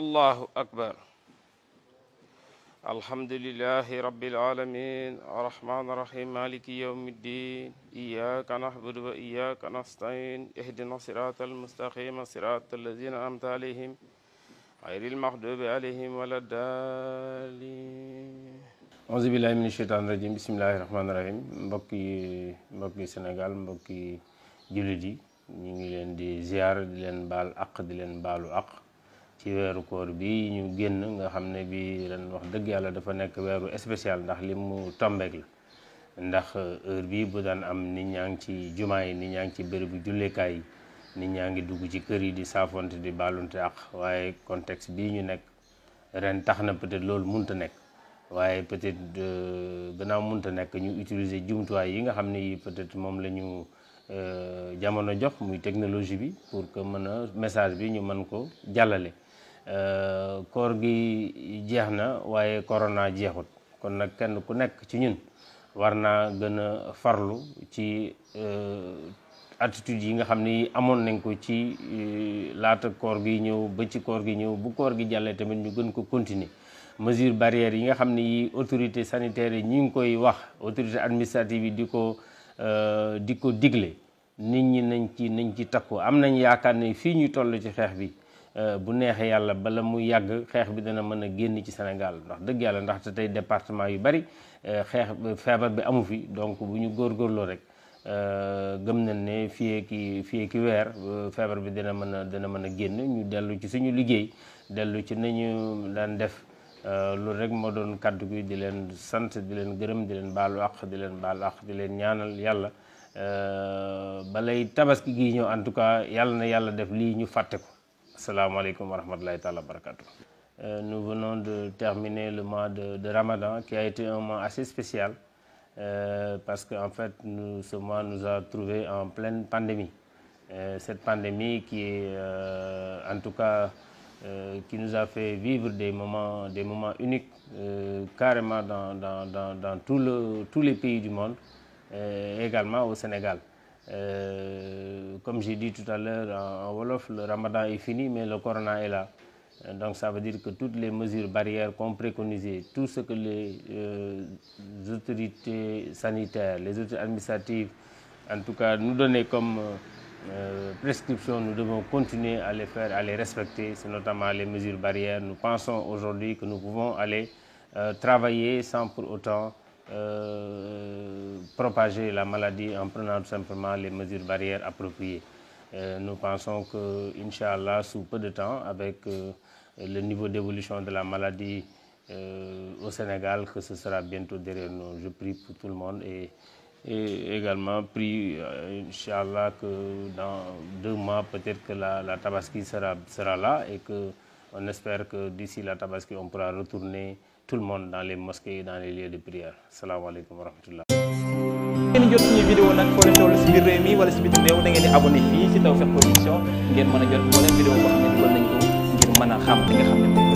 allahu akbar alhamdulilahi rabbil alamin arrahman arrahim maliki yawmi ddin iyaka nahbudu wa iyaka nastain ihdina sirata almustaqima sirata allazina an'amta alayhim ghayril maghdubi alayhim wala daalin auzu billahi min sheytaani rajim bismillahi rahmaani rahim mbokk yi mbokk yi Sénégal mbokk yi jullit yi ñu ngi leen di ziar di leen baal aq di leen baalu aq ci weeru koor bi ñu génn nga xam ne bi ren wax dëgg yàlla dafa nekk weeru spécial ndax li mu tombeek la ndax heure bi bu daan am nit ñaa ngi ci jumaa yi nit ñaa ngi ci bérébu jullekaay yi nit ñaa ngi dugg ci kër yi di saafonte di ballonte ak waaye contexte bii ñu nekk ren tax na peut-être loolu munta nekk waaye peut-être euh, gannaaw munta nekk ñu utiliser jumtuwaay yi nga xam ne yi peut-être moom lañu ñu euh, jamono jox muy technologie bi pour que mën a message bi ñu mën ko jàllale Euh, koor gi jeex na waaye corona jeexut kon nag kenn ku nekk ci ñun war naa gën a farlu ci euh, attitude yi nga xam ni amoon nañ ko ci euh, laata koor gi ñëw ba ci koor gi ñëw bu koor gi jàllee tamit ñu gën ko continuer mesure barrière yi nga xam ni autorité sanitaire yi ñu ngi koy wax autorité administrative yi di ko di ko digle nit ñi nañ ci nañ ci takku am nañ yaakaar ni fii ñuy toll ci xeex bi Euh, bu neexee yàlla bala mu yàgg xeex bi dana mën a génn ci Sénégal ndax dëgg yàlla ndax te tey département yu bari euh, xeex feebar bi amu fi donc bu ñu góor góorgóorloo rek euh, gëm na ne fii ki fii ki weer feebar bi dina mën a dina mën a génn ñu dellu ci suñu liggéey dellu ci nañu daan def loolu rek moo doon kàddu gi di leen sant di leen gërëm di leen baalu àq di leen baalu àq di leen ñaanal yàlla balay tabaski gi ñëw en tout cas yàlla na yàlla def lii ñu fàtte ko. Assalamu alaikum wa rahmatullahi ta'ala barakatuh. Euh, nous venons de terminer le mois de, de, Ramadan qui a été un mois assez spécial euh, parce qu'en en fait nous, ce mois nous a trouvé en pleine pandémie. Euh, cette pandémie qui est euh, en tout cas euh, qui nous a fait vivre des moments, des moments uniques euh, carrément dans, dans, dans, dans tout le, tous les pays du monde et également au Sénégal. Euh, comme j'ai dit tout à l'heure en, en, Wolof, le ramadan est fini, mais le corona est là. Euh, donc ça veut dire que toutes les mesures barrières qu'on préconisait, tout ce que les euh, autorités sanitaires, les autorités administratives, en tout cas, nous donnaient comme euh, euh, prescription, nous devons continuer à les faire, à les respecter. C'est notamment les mesures barrières. Nous pensons aujourd'hui que nous pouvons aller euh, travailler sans pour autant euh, propager la maladie en prenant tout simplement les mesures barrières appropriées. Euh, nous pensons que, allah sous peu de temps, avec euh, le niveau d'évolution de la maladie euh, au Sénégal, que ce sera bientôt derrière nous. Je prie pour tout le monde et, et également prie, euh, allah que dans deux mois, peut-être que la, la, tabaski sera, sera là et qu'on espère que d'ici la tabaski, on pourra retourner tout le monde dans les mosquées et dans les lieux de prière salaamaaleykum wa rahmatullah ngeen jot suñu vidéo nag foo si biir réew wala si bitim réew da ngeen di abonné fii si Tawfekh Production ngeen mën jot moo vidéo boo xam ne dugal nañ ko ngir xam li nga xam ne